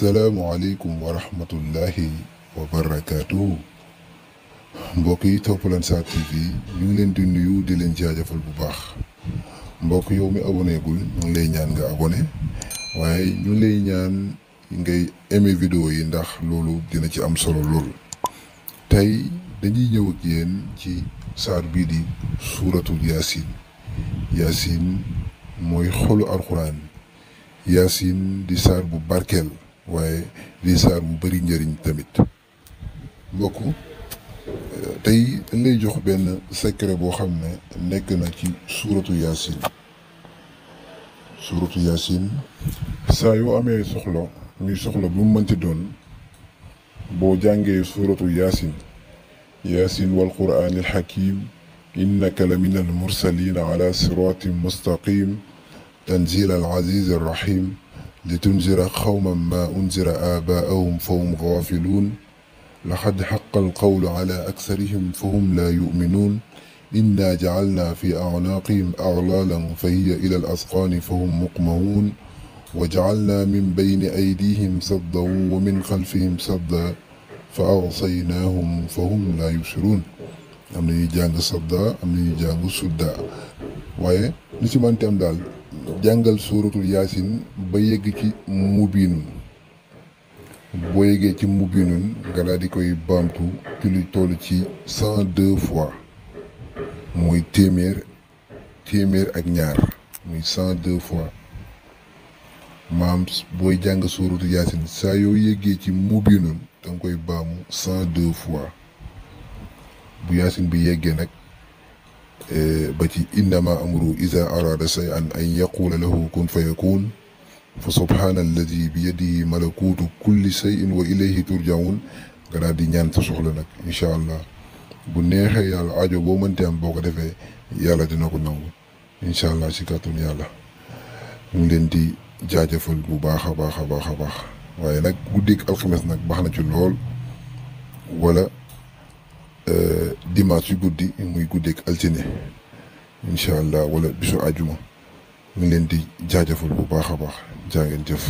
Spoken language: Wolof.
salaamualeykum wa rahmatullahi wa barakaatu mbokk yi topp Lansar ñu ngi leen di nuyu di leen jaajëfal bu baax mbokk yow mi aboné gul ñu ngi lay ñaan nga aboné waaye ñu ngi lay ñaan ngay aimé vidéo yi ndax loolu dina ci am solo lool. tey dañuy ñëw ak yéen ci saar bii di suuratul yaasin yaasin mooy xolu alxuraan yaasin di saar bu barkeel. waaye di saar mu bëri njëriñ tamit mbokk tey dañ lay jox benn secret boo xam ne nekk na ci suuratu yaasin suuratu yaasin saa yoo amee soxla muy soxla bu mu mënti doon boo jàngee suuratu yaasin yaasin wal quraanil hakiim innaka la min al mursaliin ala siraatin mustaqim tanziil al aziiz ar rahiim لتنذر قوما ما أنذر آباءهم فهم غافلون لقد حق القول على أكثرهم فهم لا يؤمنون إنا جعلنا في أعناقهم أغلالا فهي إلى الأسقان فهم مقمهون وجعلنا من بين أيديهم سدا ومن خلفهم سدا فأغصيناهم فهم لا يبصرون امني جانج سدا امني جانج سدا وي ñuy jàng sudda waaye jàngal suuratul yaasin ba yegg ci mubiinun boo yeggee ci mubiinun nga daal di koy baamtu ci lu ci cent deux fois muy téeméer téeméer ak ñaar muy cent deux fois maam booy jàng suuratul yaasin saa yoo yeggee ci mubiinun da nga koy baamu cent deux fois bu yaasin bi yeggee nag إيه، باتي إنما أمر إذا أراد شيئا أن يقول له كن فيكون فسبحان الذي بيده ملكوت كل شيء وإليه ترجعون غنا دي نيان تسوخلا إن شاء الله بنيه نيهي يالا أجو بو منتي أم بوكا دفي يالا دينوكو إن شاء الله سيكاتون يالا مولين دي جاجة فل بو باخا باخا باخا باخا وإنك بوديك الخمس نك باخنا ولا Euh, dimanche yu guddi muy guddeeg altine incha allah wala bisu àjjuma ñu ngi leen di jaajëfal bu baax a baax jaa ngeen jëf.